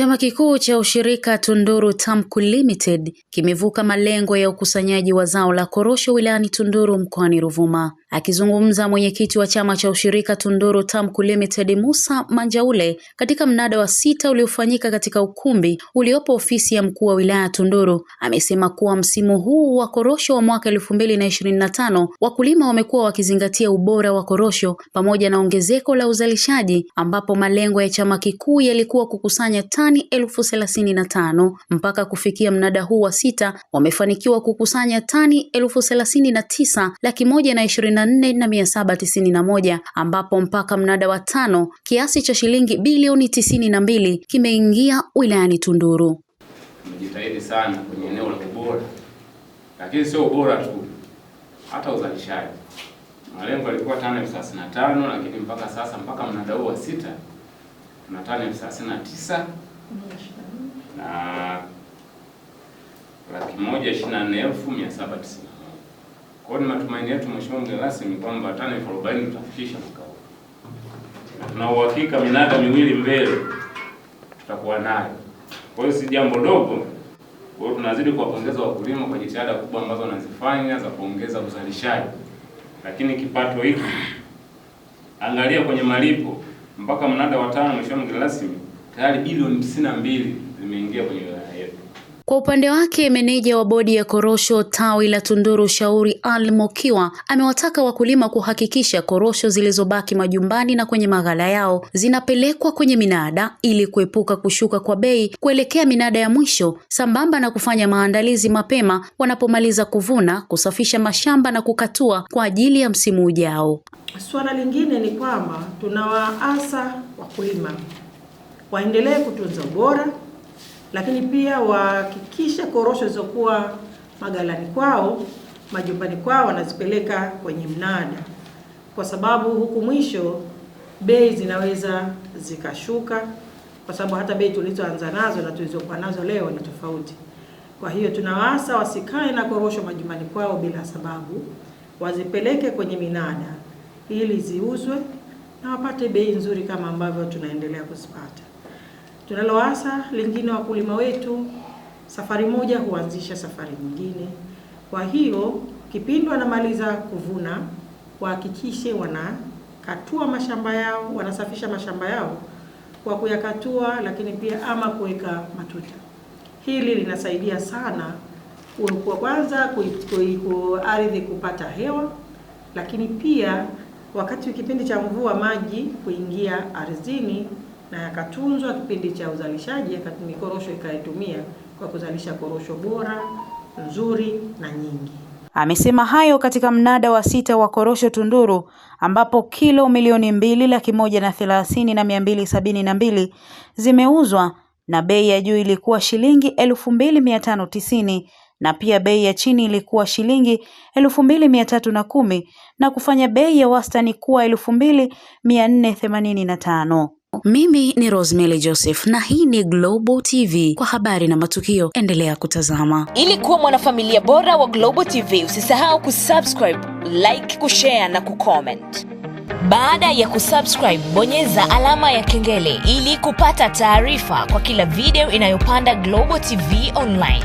Chama kikuu cha ushirika Tunduru Tamku Limited kimevuka malengo ya ukusanyaji wa zao la korosho wilayani Tunduru mkoani Ruvuma. Akizungumza mwenyekiti wa chama cha ushirika Tunduru Tamku Limited Musa Manjaule katika mnada wa sita uliofanyika katika ukumbi uliopo ofisi ya mkuu wa wilaya Tunduru, amesema kuwa msimu huu wa korosho wa mwaka elfu mbili na ishirini na tano wakulima wamekuwa wakizingatia ubora wa korosho pamoja na ongezeko la uzalishaji, ambapo malengo ya chama kikuu yalikuwa kukusanya tani tani elfu thelathini na tano. Mpaka kufikia mnada huu wa sita wamefanikiwa kukusanya tani elfu thelathini na tisa laki moja na ishirini na nne na mia saba tisini na moja ambapo mpaka mnada wa tano kiasi cha shilingi bilioni tisini na mbili kimeingia wilayani Tunduru. Tumejitahidi sana kwenye eneo la ubora, lakini sio ubora tu, hata uzalishaji. Malengo yalikuwa tani elfu thelathini na tano lakini mpaka sasa, mpaka mnada huu wa sita tuna tani elfu thelathini na tisa na laki moja ishirini na nne elfu mia saba tisini na moja. Kwa hiyo ni matumaini yetu Mheshimiwa mgeni rasmi kwamba tani elfu arobaini tutafikisha mwaka huu, na tuna uhakika minada miwili mbele tutakuwa nayo. Kwa hiyo si jambo dogo. Kwa hiyo tunazidi kuwapongeza wakulima kwa jitihada kubwa ambazo wanazifanya za kuongeza uzalishaji, lakini kipato hiki angalia kwenye malipo mpaka mnada wa tano, Mheshimiwa mgeni rasmi tayari bilioni mbili zimeingia kwenye wilaya yetu. Kwa upande wake meneja wa bodi ya korosho tawi la Tunduru Shauri Al Mokiwa amewataka wakulima kuhakikisha korosho zilizobaki majumbani na kwenye maghala yao zinapelekwa kwenye minada ili kuepuka kushuka kwa bei kuelekea minada ya mwisho, sambamba na kufanya maandalizi mapema wanapomaliza kuvuna, kusafisha mashamba na kukatua kwa ajili ya msimu ujao. Suala lingine ni kwamba tunawaasa wakulima waendelee kutunza ubora, lakini pia wahakikishe korosho zilizokuwa magalani kwao, majumbani kwao, wanazipeleka kwenye mnada, kwa sababu huku mwisho bei zinaweza zikashuka, kwa sababu hata bei tulizoanza nazo na tulizokuwa nazo leo ni tofauti. Kwa hiyo tunawaasa wasikae na korosho majumbani kwao bila sababu, wazipeleke kwenye minada ili ziuzwe na wapate bei nzuri kama ambavyo tunaendelea kuzipata. Tunaloasa lingine, wakulima wetu safari moja huanzisha safari nyingine. Kwa hiyo kipindi wanamaliza kuvuna, wahakikishe wanakatua mashamba yao, wanasafisha mashamba yao kwa kuyakatua, lakini pia ama kuweka matuta. Hili linasaidia sana kwa kwanza, ardhi kupata hewa, lakini pia wakati kipindi cha mvua maji kuingia ardhini na yakatunzwa, kipindi cha uzalishaji mikorosho ikaitumia kwa kuzalisha korosho bora nzuri na nyingi. Amesema hayo katika mnada wa sita wa korosho Tunduru ambapo kilo milioni mbili laki moja na thelathini na mia mbili sabini na mbili zimeuzwa na bei ya juu ilikuwa shilingi elfu mbili mia tano tisini na pia bei ya chini ilikuwa shilingi elfu mbili mia tatu na kumi na kufanya bei ya wastani kuwa elfu mbili mia nne themanini na tano. Mimi ni Rosemary Joseph na hii ni Global TV. Kwa habari na matukio, endelea kutazama. Ili kuwa mwanafamilia bora wa Global TV, usisahau kusubscribe, like, kushare na kucomment. Baada ya kusubscribe, bonyeza alama ya kengele ili kupata taarifa kwa kila video inayopanda Global TV Online.